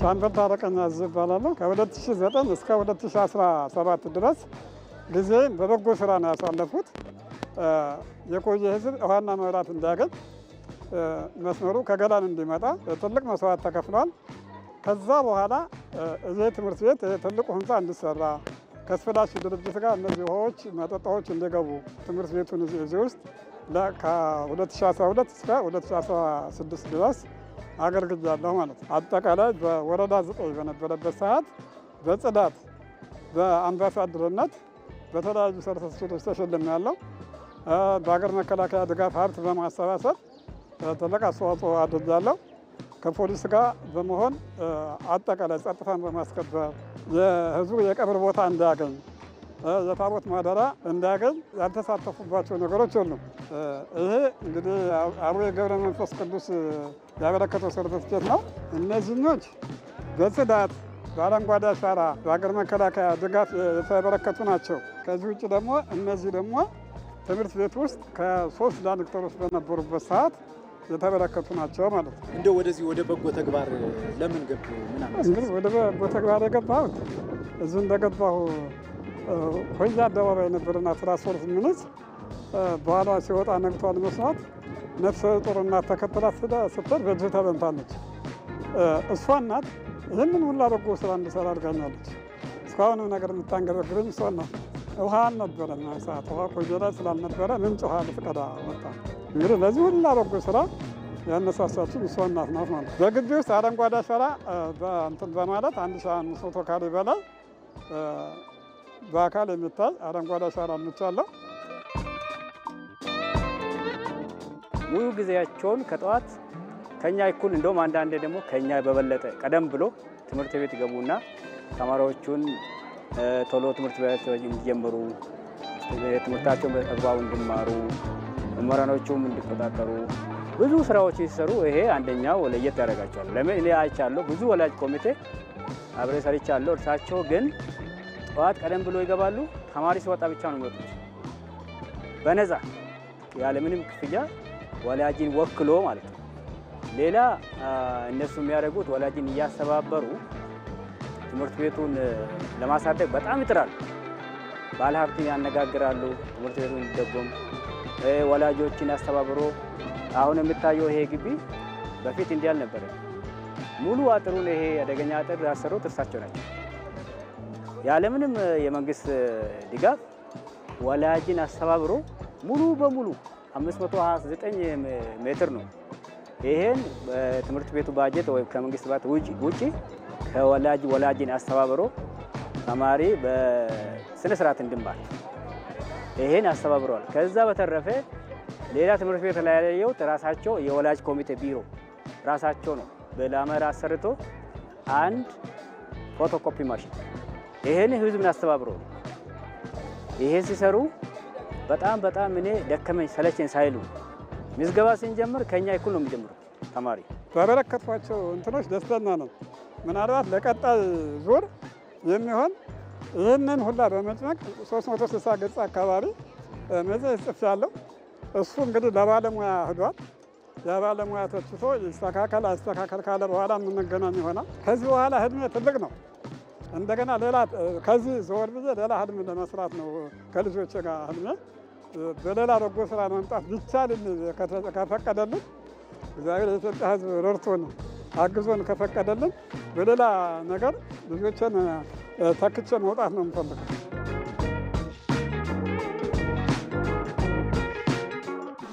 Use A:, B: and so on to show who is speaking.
A: ሻምበል ታረቀኝ አዝ እባላለሁ። ከ2009 እስከ 2017 ድረስ ጊዜም በበጎ ስራ ነው ያሳለፉት። የቆየ ህዝብ ውሃና መብራት እንዲያገኝ መስመሩ ከገላን እንዲመጣ ትልቅ መስዋዕት ተከፍሏል። ከዛ በኋላ ይህ ትምህርት ቤት ትልቁ ህንፃ እንዲሰራ ከስፍላሽ ድርጅት ጋር እነዚህ ውሃዎች፣ መጠጣዎች እንዲገቡ ትምህርት ቤቱን እዚህ ውስጥ ከ2012 እስከ 2016 ድረስ አገልግያለሁ ማለት ነው። አጠቃላይ በወረዳ ዘጠኝ በነበረበት ሰዓት በጽዳት በአምባሳደርነት በተለያዩ ሰርተፍኬቶች ያለው በሀገር መከላከያ ድጋፍ ሀብት በማሰባሰብ ትልቅ አስተዋጽኦ አድርጋለሁ። ከፖሊስ ጋር በመሆን አጠቃላይ ጸጥታን በማስከበር የህዝቡ የቀብር ቦታ እንዳያገኝ ዘታሮት ማደራ እንዳገኝ ያልተሳተፉባቸው ነገሮች የሉም። ይሄ እንግዲህ አቡነ ገብረ መንፈስ ቅዱስ ያበረከተው ሰርተፍኬት ነው። እነዚህኞች በጽዳት በአረንጓዴ አሻራ በሀገር መከላከያ ድጋፍ የተበረከቱ ናቸው። ከዚህ ውጭ ደግሞ እነዚህ ደግሞ ትምህርት ቤት ውስጥ ከሶስት ዳይሬክተሮች በነበሩበት ሰዓት የተበረከቱ ናቸው ማለት ነው።
B: እንደ ወደዚህ ወደ በጎ ተግባር ለምን ገቡ?
A: እንግዲህ ወደ በጎ ተግባር የገባሁት እዚ እንደገባሁ ሆያ አደባባይ ነበረን 13 ሚኒት በኋላ ሲወጣ ነግቷል መስዋዕት ነፍሰ ጡር እናት ተከትላት ስትሄድ በእጅ እሷ እናት ይህንን ሁላ በጎ ስራ እንድሰራ አድርጋኛለች። እስካሁንም ነገር የምታንገበግበኝ እሷ እናት። ውሃ አልነበረም ሰዓት ውሃ ቆየ ላይ ስላልነበረ ምንጭ ውሃ ልትቀዳ ወጣ። እንግዲህ ለዚህ ሁላ በጎ ስራ ያነሳሳችን እሷ እናት ናት ማለት። በግቢ ውስጥ አረንጓዴ አሻራ በማለት አንድ ሺህ አምስት መቶ ካሬ በላይ በአካል የሚታይ አረንጓዴ አሻራ አምጥቻለሁ።
C: ሙሉ ጊዜያቸውን ከጠዋት ከኛ እኩል እንደውም አንዳንዴ ደግሞ ከኛ በበለጠ ቀደም ብሎ ትምህርት ቤት ገቡና ተማሪዎቹን ቶሎ ትምህርት ቤት እንዲጀምሩ ትምህርታቸውን በተግባሩ እንዲማሩ መምህራኖቹም እንዲቆጣጠሩ ብዙ ስራዎች ሲሰሩ ይሄ አንደኛው ለየት ያደርጋቸዋል። ለምን እኔ አይቻለሁ፣ ብዙ ወላጅ ኮሚቴ አብሬ ሰርቻለሁ። እርሳቸው ግን ጠዋት ቀደም ብሎ ይገባሉ። ተማሪ ሲወጣ ብቻ ነው የሚወጡት በነፃ ያለምንም ክፍያ ወላጅን ወክሎ ማለት ነው። ሌላ እነሱ የሚያደርጉት ወላጅን እያስተባበሩ ትምህርት ቤቱን ለማሳደግ በጣም ይጥራሉ። ባለሀብትን ያነጋግራሉ፣ ትምህርት ቤቱን እንዲደጎም ወላጆችን ያስተባብሮ አሁን የምታየው ይሄ ግቢ በፊት እንዲህ አልነበረ። ሙሉ አጥሩን ይሄ አደገኛ አጥር ያሰሩ እርሳቸው ናቸው። ያለምንም የመንግስት ድጋፍ ወላጅን አስተባብሮ ሙሉ በሙሉ 529 ሜትር ነው። ይሄን በትምህርት ቤቱ ባጀት ወይም ከመንግስት ባት ውጭ ከወላጅ ወላጅን አስተባብሮ ተማሪ በስነ ስርዓት እንድንባል ይሄን አስተባብሯል። ከዛ በተረፈ ሌላ ትምህርት ቤት ላይ ያለው ራሳቸው የወላጅ ኮሚቴ ቢሮ ራሳቸው ነው በላመራ አሰርቶ አንድ ፎቶኮፒ ማሽን ይሄን ህዝብን አስተባብሮ ይሄን ሲሰሩ በጣም በጣም እኔ ደከመኝ ሰለቸኝ ሳይሉ ምዝገባ ስንጀምር ከኛ እኩል ነው የሚጀምሩ ተማሪ።
A: በበረከቷቸው እንትኖች ደስተኛ ነው። ምናልባት ለቀጣይ ዙር የሚሆን ይህንን ሁላ በመጭመቅ 360 ገጽ አካባቢ መጽሔት ጽፌያለሁ። እሱ እንግዲህ ለባለሙያ ህዷል። የባለሙያ ተችቶ ይስተካከል አስተካከል ካለ በኋላ የምንገናኝ ይሆናል። ከዚህ በኋላ ህድሜ ትልቅ ነው። እንደገና ሌላ ከዚህ ዘወር ብዬ ሌላ ህልም ለመስራት ነው ከልጆች ጋር ህልሜ በሌላ በጎ ስራ መምጣት ቢቻልን ከፈቀደልን እግዚአብሔር የኢትዮጵያ ህዝብ ረድቶን አግዞን ከፈቀደልን በሌላ ነገር ልጆችን ተክቼ መውጣት ነው የምፈልገው።